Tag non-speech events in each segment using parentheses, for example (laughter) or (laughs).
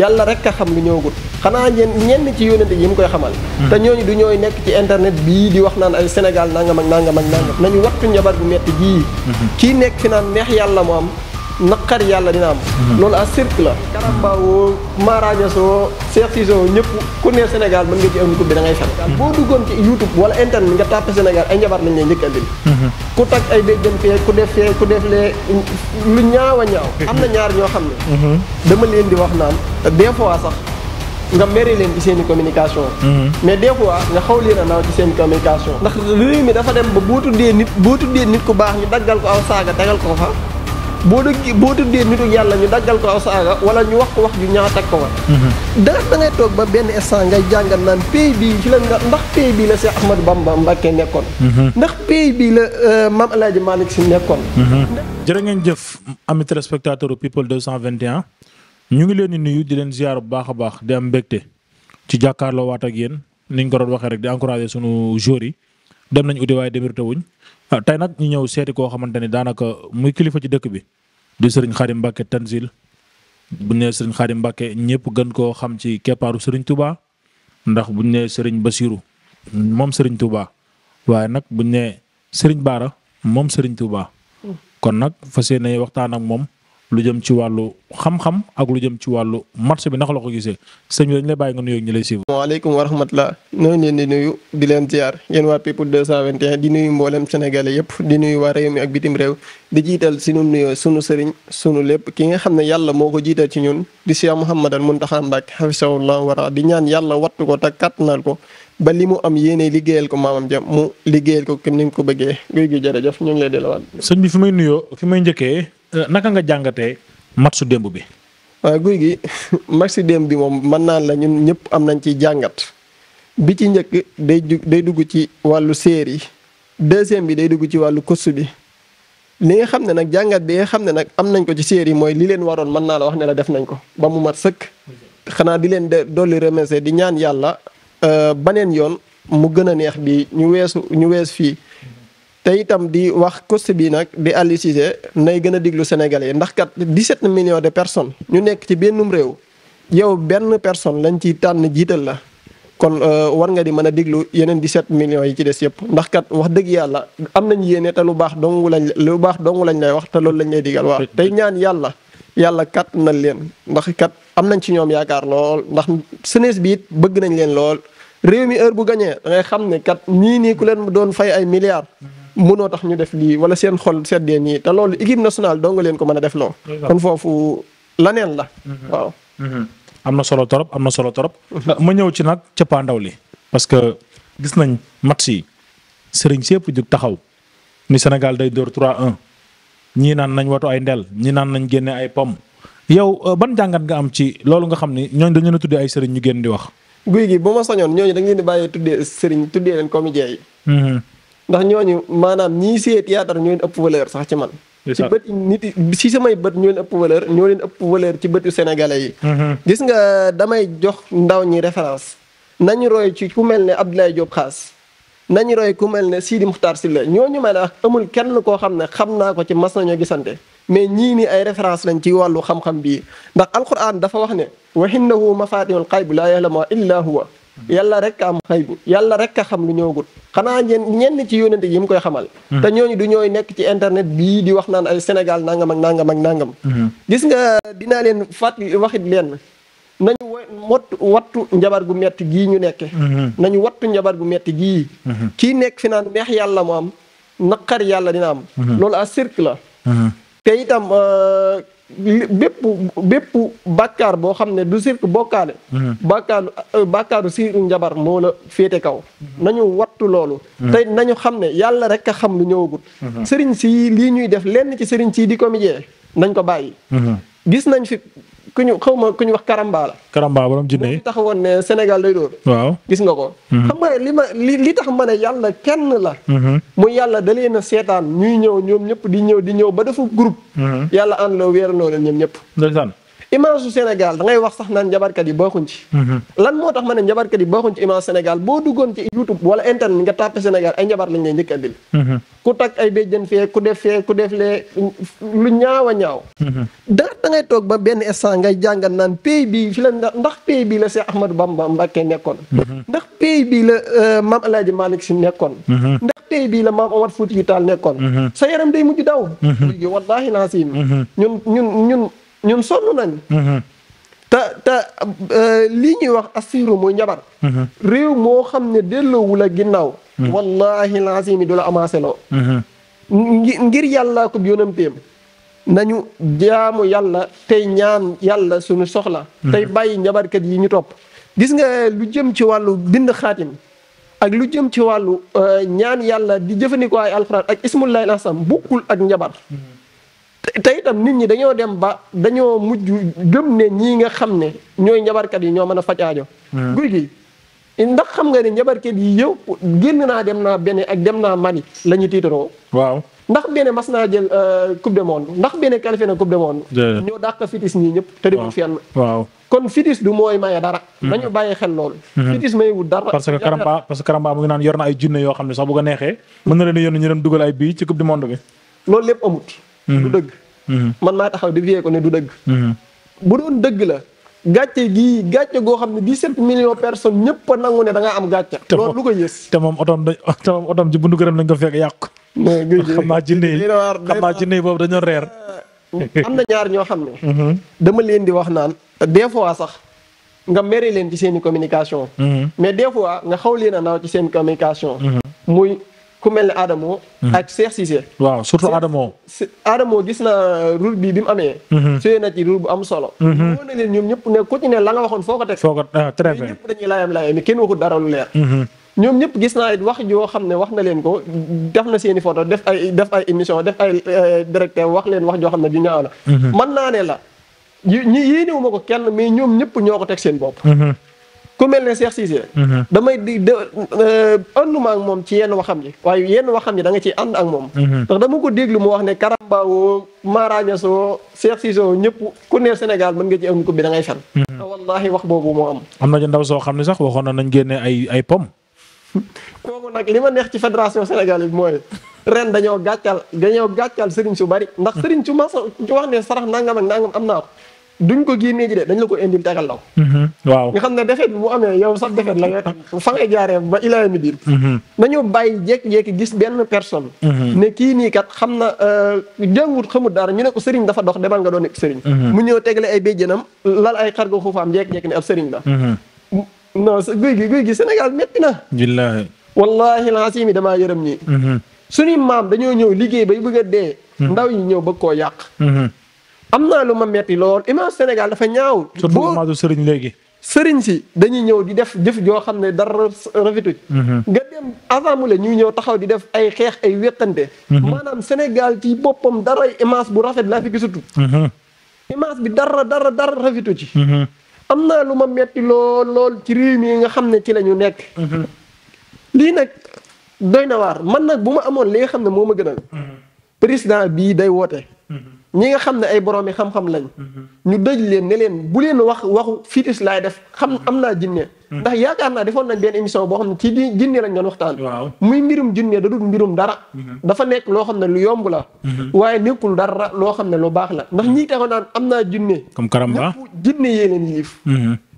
yàlla rek a xam lu ñëwagul xanaa ñeen ñenn ci yónnante yi mu koy xamal hmm. te ñooñu du ñooy nekk ci internet bii di wax naan ay Sénégal nangam mag nangam ak nangam nañu wattu njabar bu metti jii hmm. kii nekk fi naan neex yàlla mu am naqar yàlla dina am. Mm-hmm. loolu à cirque la. Karamba woo Maradia Sow Cheikh ñëpp ku ne Sénégal mën nga ci am ko bi da ngay fen mm-hmm. boo duggoon ci YouTube wala internet nga tapé Sénégal ay njabar lañ lay njëkk andil mm-hmm. ku tag ay béjjën fee ku def fee ku def lee lu ñaaw ñaaw. am na ñaar ñoo xam ne. dama leen di wax naan des fois sax. nga mere leen ci seen communication. mais des fois nga xaw leen a naaw ci seen communication. ndax réew mi dafa dem ba boo tuddee nit boo tuddee nit ku baax ñu daggal ko aw saaga tegal ko fa. boo dëgg boo tuddee yàlla ñu daggal ko aw saaga wala ñu wax ko wax ju ñaaw teg ko fa. Mm-hmm. da da ngay toog ba benn instant ngay jàngat naan pays bii ci la ndax pays bii la Cheikh Ahmadou Bamba Mbacké nekkoon. Mm-hmm. ndax pays bii la euh, maam El Hadj Malick Sy nekkoon. Mm-hmm. jërë ngeen jëf amit téléspectateur people 221 ñu ngi leen di nuyu di leen ziar bu baax a baax di am mbégte ci jàkkaarloo waat ak yéen ni ñu ko doon waxee rek di encourager suñu joueurs yi dem nañ uti waaye demir tawuñ ah, tey nag ñu ñëw seeti koo xamante ni daanaka muy kilifa ci dëkk bi. di sëriñ Xaadim Mbàkke Tanzil bu ñu nee sëriñ Xaadim Mbàkke ñëpp gën koo xam ci keppaaru sëriñ Touba ndax bu ñu nee sëriñ Basiru moom sëriñ Touba waaye nag bu ñu nee sëriñ Baara moom sëriñ Touba mm. kon nag fas yéene waxtaan ak moom lu jëm ci wàllu xam-xam ak lu jëm ci wàllu match bi ndax la ko gisee sëñ bi dañ lay bàyyi nga nuyoo di nuyu di leen ziar yéen waa People 221 di nuyu mboolem sénégalais yëpp di nuyu waa réew mi ak bitim réew di jiital sunu nuyoo sunu sëriñ sunu lépp ki nga xam ne yàlla moo ko jiital ci ñun di Cheikh Mouhamadal Mountakha Mbacké hafisahullah wara di ñaan yàlla wattu ko te kattanal ko ba li mu am yéene liggéeyal ko maamam jam mu liggéeyal ko comme ni nga ko bëggee guy gi jërëjëf ñu sëñ bi fi may nuyoo fi may njëkkee Euh, naka nga jàngatee match su démb bi. waaw guy gi (laughs) match démb bi moom mën naa la ñun ñëpp am nañ ci jàngat bi ci njëkk day day dugg ci wàllu séer yi deuxième bi day dugg ci wàllu course bi. li nga xam ne nag jàngat bi nga xam ne nag am nañ ko ci séer yi mooy li leen waroon mën naa la wax ne la def nañ ko ba mu mat sëkk xanaa di leen de dolli remercier di ñaan yàlla euh, baneen yoon mu gën a neex bi ñu weesu ñu wees fii te itam di wax coach bi nag di Aliou Cissé nay gën a diglu Sénégalais ndax kat 17 millions de personnes ñu nekk ci bennum réew yow benn personne lañ ci tànn jiital la kon euh, war nga di mën a diglu yeneen set millions yi ci des yëpp ndax kat wax dëgg yàlla am nañ yéene te lu baax dongu lañ lu baax dongu lañ lay wax te loolu lañ lay digal waaw tey ñaan yàlla yàlla kat na leen ndax kat am nañ ci ñoom yaakaar lool ndax jeunesse bi it bëgg nañ leen lool réew mi heure bu gañee da xam ne kat ñii nii ku leen doon fay ay milliards mënoo tax ñu def lii wala seen xol seddee nii te loolu équipe nationale doo nga leen ko mën a def loo kon foofu laneen la mm-hmm. waaw mm-hmm. am na solo torop am na solo torop mm-hmm. ma ñëw ci nag cëppaandaw li parce que gis nañ match yi sëriñ sépp jug taxaw ni Sénégal day door 3 un ñii naan nañ watu ay ndel ñii naan nañ génne ay pom yow euh, ban jàngat nga am ci loolu nga xam ni ñooñ dañu leen tuddee ay sëriñ ñu génn di wax guy gi bu ma sañoon ñooñu da ngeen di bàyyi tuddee sëriñ tuddee leen comédien ndax ñooñu maanaam ñii see théâtre ñoo ëpp valeur sax ci man. ci bët nit si bët ñoo ëpp valeur ñoo leen ëpp valeur ci bëtu sénégalais yi. Mm-hmm. gis nga damay jox ndaw ñi référence. nañu roy ci ku mel ne Abdoulaye Diop Khass nañu roy ku mel ne Sidi Muxtaar Silla ñooñu ma ne wax amul kenn koo xam ne xam naa ko ci mas nañoo gisante mais ñii ni ay référence lañ ci wàllu xam-xam bii ndax alquran dafa wax ne wa innahu mafatihul bu laa yahlamuha illa huwa yàlla rek am xaybu yàlla rek a xam lu ñëwagut xanaa ñenn ñenn ci yónnante yi mu koy xamal hmm. te ñooñu du ñooy nekk ci internet bii di wax naan ay Sénégal nangam ak nangam hmm. gis nga dinaa leen fàttali waxit leen nañu mot wattu njabar gu metti gii ñu nekke hmm. nañu wattu njabar gu metti gii kii nekk fi naan neex yàlla mu am naqar yàlla dina am loolu a cirque te itam euh, bépp bépp bàkkaar boo xam ne du sirk bokkaale mm-hmm. bàkkaaru euh, bàkkaaru siiru njabar moo la féete kaw mm-hmm. nañu wattu loolu mm-hmm. tey nañu xam ne yàlla rek a xam lu ñëwagut sëriñ si lii ñuy def lenn ci sëriñ sii di comédien nañ ko bàyyi gis nañ fi ku ñu xaw ma ku ñu wax Karamba la. Karamba borom jinne yi taxawoon ne Sénégal day dóor. waaw gis nga ko. Mhm. xam nga li ma li li tax ma ne yàlla kenn la. Mhm. mu yàlla da leen a seetaan ñuy ñëw ñoom ñëpp di ñëw di ñëw ba defu group mhm. yàlla ànd la weer noo leen ñoom ñëpp. ndeysaan image su Sénégal da ngay wax sax naan njabarkat yi bokkuñ ci. Mm-hmm. lan moo tax ma ne njabarkat yi bokkuñ ci image Sénégal boo duggoon ci YouTube wala internet nga tàppe Sénégal ay njabar lañ lay njëkk a bil mm-hmm. ku takk ay béjjën fee ku def fee ku def lee lu ñaaw a ñaaw. Mm-hmm. da da ngay toog ba benn instant ngay jàngat naan pays bii fi la ndax pays bii la Cheikh Ahmadou Bamba Mbacké nekkoon. ndax pays bii la euh, maam El Hadj Malick Sy nekkoon. tey bii la maam Omar Fuuti yu Taal nekkoon sa yaram day mujj daw léegi wallaahi naa si ñun ñun ñun ñun sonn nañ mhm. te te euh, lii ñuy wax assiru muy njabar mhm. réew moo xam ne delloowu la ginnaaw mhm. wallahi lancé mi du la amancé loo ngir yàlla ko yónanteem nañu jaamu yàlla tey ñaan yàlla suñu soxla tey bàyyi njabarkat yi ñu topp gis nga lu jëm ci wàllu bind xaatim ak lu jëm ci wàllu euh, ñaan yàlla di jëfandikoo ay alxuraan ak ismullahi al asam bokkul ak njabar te itam nit ñi dañoo dem ba dañoo mujj gëm ne ñii nga xam ne ñooy njabarkat yi ñoo mën a faj aajo hmm. guy gi ndax xam nga ne njabarkat yi yëpp génn naa dem naa benn ak dem naa Mali la ñu tiitaroo waaw ndax benn mas naa jël euh, coupe du monde ndax benn qualifié na coupe du monde ñoo dàq fitis ñii ñëpp te deful fenn waaw kon fitis hmm. hmm. yoo xam ne sax bu ko neexee mën na leen yónni bii ci coupe du loolu lépp amut du dëgg Mm-hmm. man maa taxaw di viyee ko ne du dëgg mm-hmm. bu doon dëgg la gàcce gi gàcce goo xam ne dix set millions personnes ñëpp a nangu ne da am gàcce loolu lu ko yées te moom otoom dañ te moom otoom ci bundu gërëm lañ ko fekk yàqu (laughs) xam naa jinne yi xam naa jinne yi boobu dañoo reer (laughs) am na ñaar ñoo xam ne mm-hmm. dama leen di wax naan des fois sax nga mere leen ci seeni communication mais des fois nga xaw leen a naaw ci seen communication muy ku mel ne Adamo. Mhm. ak Cheikh Cissé. waaw surtout Adamo. Adamo gis naa rôle bi bi mu amee. Mhm. suyee na ci rôle bu am solo. Mhm. wóor na leen ñoom ñëpp ne ku ci ne la nga waxoon foo ko teg. foo ko ah, très bien ñëpp dañuy laayam laayam kenn waxul dara lu leer. ñoom ñëpp gis naa it wax joo xam ne wax na leen ko def na seeni photo def ay def ay émission def ay eh, directeur wax leen wax joo xam ne ju ñaaw la. man naa ne la ñu yéenewuma ko kenn mais ñoom ñëpp ñoo ko teg seen bopp. ku mel ne Cheikh Cissé. Mm-hmm. damay di de euh, ànduma ak moom ci yenn waxam yi waaye yenn waxam yi da nga ciy ànd ak moom. Mm-hmm. ndax dama ko déglu mu wax ne Karambawoo Marañasoo Cheikh Cissé ñëpp ku ne Sénégal mën nga ci am ko bi da ngay fen. Mm-hmm. wallahi wax boobu moo am. am na ci ndaw soo xam ne sax waxoon na nañ génne ay ay pom. (laughs) kooku nag li ma neex ci fédération Sénégal bi mooy ren dañoo gàccal dañoo gàccal sëriñ su bari. ndax sëriñ su ma wax ne sarax nangam ak nangam am naa ko. duñ ko génnee ji de dañ la ko indi tegal la ko. Mhm, nga xam ne defet bu amee yow sax defet la nga fa nga jaaree ba ilaa mi diir. Mhm. nañu bàyyi jékki-jékki gis benn personne. Mhm. ne kii nii kat xam na euh, jàngut xamut dara ñu ne ko sëriñ dafa dox demal nga doon sëriñ. mu ñëw tegle ay béjjënam lal ay xar nga xuufaam jékki-jékki ne ab sëriñ la. non guy gi guy gi senegal métti na. billaahi wallaahi laasiim yi damaa yërëm ñii. suñuy maam dañoo ñëw liggéey bay bëgg a dee. ndaw yi ñëw bëgg koo yàq. am naa lu ma metti lool image senegal dafa ñaaw. surtout sëriñ léegi. sëriñ si dañuy ñëw di def jëf joo xam ne dara rafetu mhm. nga dem assemblée ñuy ñëw taxaw di def ay xeex ay wéqante. Mhm. maanaam Sénégal ci boppam dara image bu rafet laa fi gisatu. Mhm. image bi dara dara dara rafetu ci. am naa lu ma metti lool lool ci réew mi nga xam ne ci lañu nekk. lii nag doy na waar man nag bu ma amoon li xam ne moo ma gënal. président bii day woote. ñi nga xam ne ay boroomi xam-xam lañ mm-hmm. ñu dëj leen ne leen bu leen wax waxu fitis laay def xam mm-hmm. am naa jinne mm-hmm. ndax yaakaar naa defoon nañ benn émission boo xam ne ci jinne lañ doon waxtaan muy mbirum jinne da dul mbirum dara dafa nekk loo xam ne lu yomb la waaye nekkul dara loo xam ne lu baax la ndax ñii taxaw naan am naa jinne comme karamba jinne yee leen yilif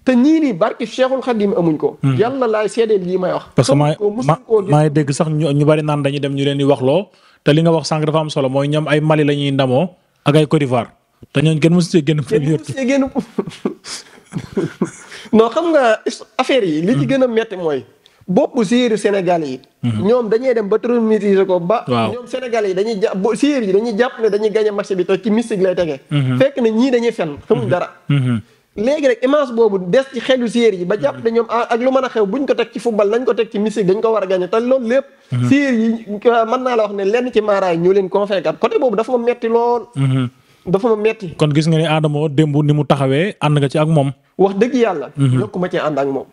te ñii nii barki Cheikhul Khadim amuñ ko. yàlla laay seedeel lii may wax. parce que maa maa ngi dégg sax ñu bari naan dañuy dem ñu leen di wax loo te li nga wax sànq dafa am solo mooy ñoom ay Mali la ñuy ndamoo ak ay Côte d'Ivoire te gën kenn mësu see génn premier tour génn xam nga affaire yi. li ci hmm. gën a métti mooy. bopp séeru Sénégal yi. Hmm. ñoom dañuy dem ba traumatiser ko ba. ñoom Sénégal yi dañuy jàpp bo séeru yi jàpp ne dañuy gagné match bi te ci mystique lay tege. Hmm. fekk na ñii dañuy fenn xamuñ dara. léegi rek image boobu des ci xelu séeréer yi ba jàpp ne ñoom ak lu mën a xew buñ ko teg ci football nañ ko teg ci musique dañ ko war a gagné te loolu lépp mhm. séeréer yi naa la wax ne lenn ci maaraay ñoo leen convaincre côté boobu dafa ma metti lool mhm. dafa ma metti kon gis nga ni Adamo démb ni mu taxawee ànd nga ci ak moom wax dëgg yàlla yokku mhm. ma ci ànd ak moom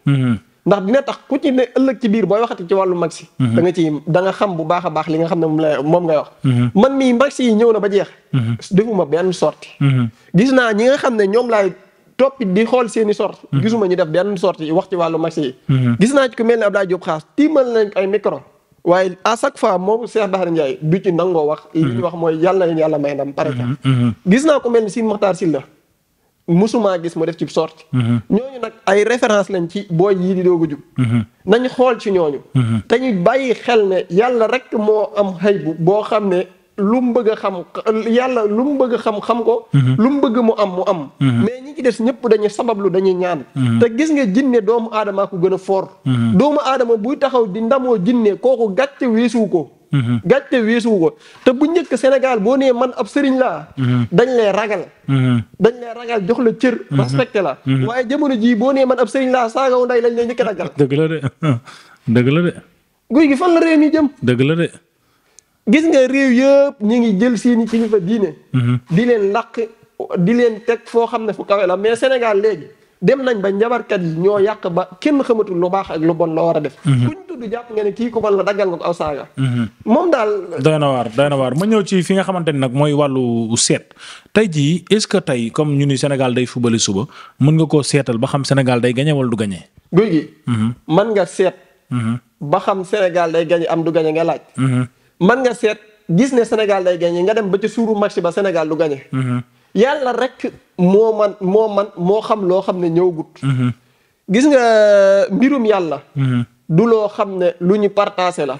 ndax dina tax ku ci ne ëllëg ci biir booy waxati ci wàllu max yi ci da nga xam bu baax a baax li nga xam ne moom la moom ngay wax man mii max yi ñëw na ba jeex defuma benn sorti gis naa ñi nga xam ne ñoom laay toppi di xool seen i sorte mm-hmm. gisuma ñu def benn yi wax ci wàllu marché yi mm-hmm. gis naa ci ku mel ne Abdoulaye Diop Xaas tiimal nañ ay micro waaye à chaque fois moom Cheikh Bakhar Ndiaye du ci nangoo wax li ñu mm-hmm. wax mooy yàlla na yàlla may ndam par exemple gis naa ku mel ne Sine Mokhtar gis mu def ci sorte ñooñu nag ay référence lañ ci booy yi di doog a jub nañ xool ci ñooñu te ñu bàyyi xel ne yàlla rek moo am xëy bu boo xam ne lu mu bëgg xam yàlla lu mu bëgg a xam xam ko. Mhm. lu mu mbëgg mu am mu am. Mhm. mais ñi ci des ñëpp dañuy sabablu dañuy ñaan. Mhm. te gis nga jinne doomu aadama ko gën a foor. doomu aadama buy taxaw di ndamoo jinne kooku gàcce weesu ko. gàcce weesuwu ko te bu njëkk Sénégal boo nee man ab sëriñ laa. dañ lay ragal. dañ lay ragal jox la cër. respecté la. waaye jamono jii boo nee man ab sëriñ laa saagaw nday lañ lay njëkk a ragal. (laughs) (laughs) dëgg la de guy gi fan la réew jëm. dëgg la gis nga réew yëpp ñu ngi jël seeni kilifa diine. Mhm. di leen làq di leen teg foo xam ne fu kawe la mais senegal léegi dem nañ ba njabarkat yi ñoo yàq ba kenn xamatul lu baax ak lu bon la war a def. Mhm. kuñ tudd jàpp nga ne kii ku bon la daggal nga ko aw saaga. Mhm. moom daal. doy na waar doy na waar ma ñëw ci fi nga xamante ni nag mooy wàllu seet tey jii est-ce que tey comme ñu ni Sénégal day fubali suba mën nga koo seetal ba xam senegal day gañe wal du ga guy nga seet. ba xam Sénégal day gañe am du gañe nga laaj. man nga seet gis ne Sénégal day gagné nga dem ba ca suuru match ba Sénégal du gagné. Mm-hmm. yàlla rek moo man moo man moo xam loo xam ne ñëwgut. Mm-hmm. gis nga euh, mbirum yàlla. Mm-hmm. du loo xam ne lu ñu partagé la.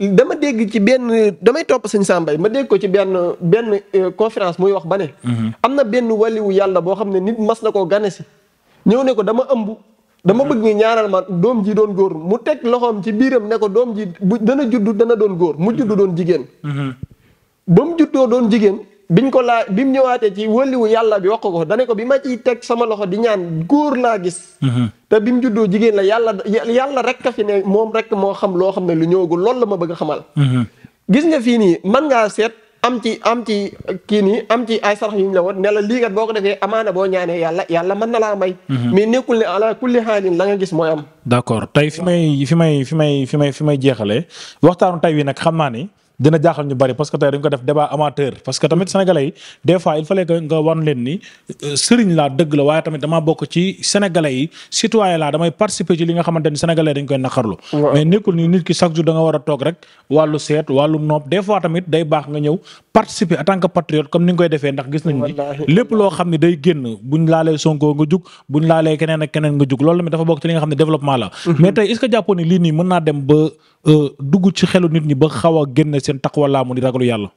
dama dégg ci benn damay topp sëñ mbay ma dégg ko ci benn benn euh, conférence muy wax ba ne. am na benn walliwu yàlla boo xam ne nit mas na koo gane si. ñëw ne ko dama ëmb dama bëgg ñu ñaanal ma doom ji doon góor mu teg loxoom ci biiram ne ko doom ji bu dana juddu dana doon góor mu judd doon jigéen mm-hmm. ba mu juddoo doon jigéen biñ ko laa bi mu ñëwaatee ci wëliwu yàlla bi ko dane ko bi ma ciy teg sama loxo di ñaan góor laa gis mm-hmm. te bi mu juddoo jigéen la yàlla yàlla rek a fi ne moom rek moo xam loo xam ne lu ñëwagul loolu la ma bëgg a xamal mm-hmm. gis nga fii nii man ngaa seet am ci am ci kii nii am ci ay sarax yu la woon ne la lii kat boo ko defee amaane boo ñaanee yàlla yàlla mën na laa may. Mhm. mais nekkul ne ala kulli xaalin la nga gis mooy am. d'accord tey fi may fi may fi may fi may fi may jeexalee waxtaanu tey wi nag xam naa ni dina jaaxal ñu bari parce tey dañ nga wan leen ni euh, sëriñ laa dëgg la waaye tamit damaa bokk ci sénégalais yi citoyen laa damay participer ci li nga xamante ni sénégalais dañ koy naqarlu mais nekkul ni nit ki chaque jour da war a toog rek wàllu seet wàllu nopp des fois tamit day baax nga ñëw participer en tant que comme ni nga koy defee ndax gis nañu ni lépp loo xam ne day génn buñ laalee Sonko nga jug buñ laalee keneen ak keneen nga jug loolu seen taqwa laamu di ragalu yàlla.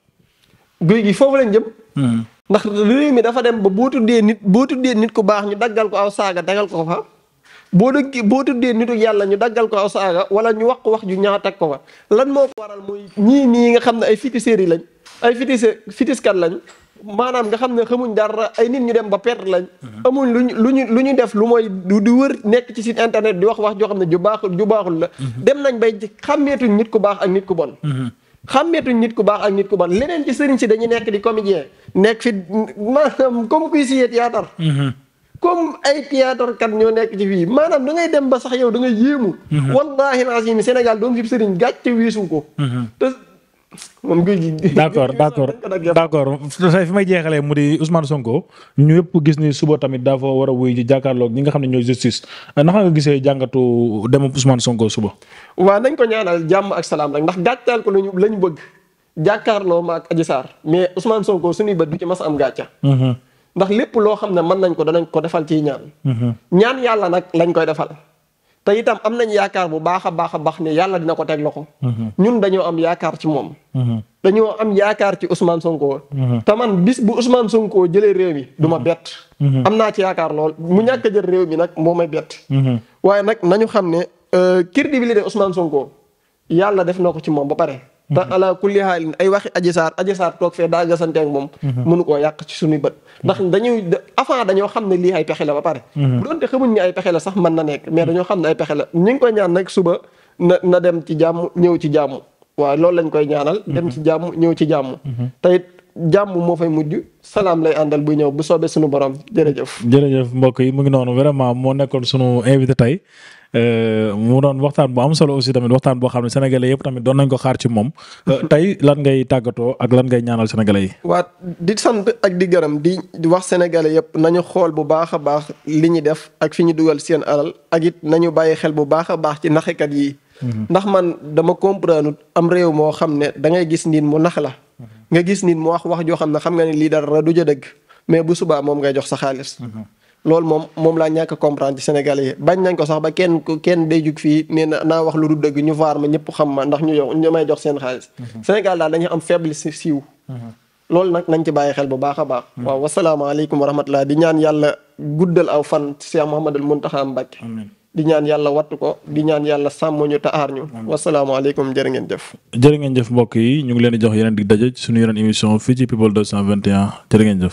guy gi foofu lañ jëm. Hmm. ndax réew mi dafa dem ba boo tuddee nit boo tuddee nit ku baax ñu daggal ko aw saaga dagal ko fa. boo dëggee boo tuddee nitu yàlla ñu daggal ko aw saaga wala ñu wax ko wax ju ñaaw teg ko fa lan moo ko waral mooy ñii nii nga xam ne ay féticheurs yi lañ ay fétiche fétichkat lañ maanaam nga xam ne xamuñ dara ay nit ñu dem ba perte lañ hmm. amuñ luñ luñu lu ñu def lu mooy di wër nekk ci site internet di wax wax joo xam ne ju baaxul ju baaxul la hmm. dem nañ bay xàmmeetuñ nit ku baax ak nit ku bon xam xàmmeetuñ nit ku baax ak nit ku bon leneen ci sëriñ si dañuy nekk di comédien nekk fi maanaam comme kuy siyee théâtre mhm. comme ay théâtre kat ñoo nekk ci fii maanaam da ngay dem ba sax yow da ngay yéemu mhm. wallaahi naa si Sénégal doom si sëriñ gàcce wiisu ko mhm. moom guy gi (laughs) d'accord d'accord d'accord fi may jeexalee mu di Ousmane Sonko ñu yëpp gis ni suba tamit dafa war a wuy ji jàkkaarloog nga xam ne ñooy justice naka nga gisee jàngatu demu Ousmane Sonko suba. waaw nañ ko ñaanal jàmm ak salaam rek ndax gàccaal ko lañu lañu bëgg jàkkaarloo ma ak Adji mais Ousmane Sonko suñuy bët du ci mas am gàcca. Mm-hmm. ndax lépp loo xam ne man nañ ko danañ ko defal ci ñaan. Mm-hmm. ñaan yàlla nag lañ koy defal. te itam am nañ yaakaar bu baax a baax a baax ne yàlla dina ko teg ko mhm. ñun dañoo am yaakaar ci moom. Mhm. dañoo am yaakaar ci Ousmane Sonko. Mhm. te man bis bu Ousmane sonkoo jëlee réew mi du ma bett. am naa ci yaakaar lool mu ñàkk a jël réew mi nag moo may bett. waaye nag nañu xam ne euh, crédibilité Ousmane Sonko yàlla def na ko ci moom ba pare. te ala kulli xaalin ay waxi Adji Sarr Adji Sarr toog fee daa gasante moom mhm. mënu koo yàq ci suñuy bët ndax mhm. dañuy avant dañoo xam ne lii ay pexe la ba pare mhm. bu doonte xamuñ ne ay pexe la sax mën na nekk mais dañoo xam ne ay pexe la ñu ngi koy ñaan nag suba na na dem ci jàmm ñëw ci jàmm waaw loolu lañ koy ñaanal dem ci jàmm ñëw ci jàmm teyit jàmm moo fay mujj salaam lay àndal buy ñëw bu soobee suñu borom jërëjëf jërëjëf mbokk yi mu ngi noonu vraiment moo nekkoon suñu invité tey Euh, mu doon waxtaan bu am solo aussi tamit waxtaan boo xam ne sénégalais yëpp tamit doon nañ ko xaar ci moom euh, tey lan ngay tàggatoo ak lan ngay ñaanal sénégalais yi. waa di sant ak di gërëm di wax sénégalais yëpp nañu xool bu baax a baax li ñu def ak fi ñu dugal seen alal ak it nañu bàyyi xel bu baax a baax ci naxekat yi. Mhm. ndax man dama comprendre am réew moo xam ne da ngay gis nit mu nax la. Mhm. nga gis nit mu wax wax joo xam ne xam nga ne lii dara du ja mais bu subaa moom ngay jox sa xaalis. Mhm. loolu moom moom laa ñàkk comprendre ci sénégalais yi bañ nañ ko sax ba kenn kenn day jug fii nee na naa wax lu du dëgg ñu vaar ma ñëpp xam ma ndax ñu yow may jox seen xaalis mhm. sénégal daal dañuy am faible siiw mhm. loolu nag nañ ci bàyyi xel bu baax a baax mhm. waaw wasalaamaaleykum wa rahmatullaa di ñaan yàlla guddal aw fan Cheikh Mouhamadul Mountakha Mbacké di ñaan yàlla wattu ko di ñaan yàlla sàmm ñu taar ñu wasalaamaaleykum jërë ngeen jëf jërë ngeen jëf mbokk yi ñu ngi leen di jox yeneen dig daje ci suñu yeneen émission fii ci people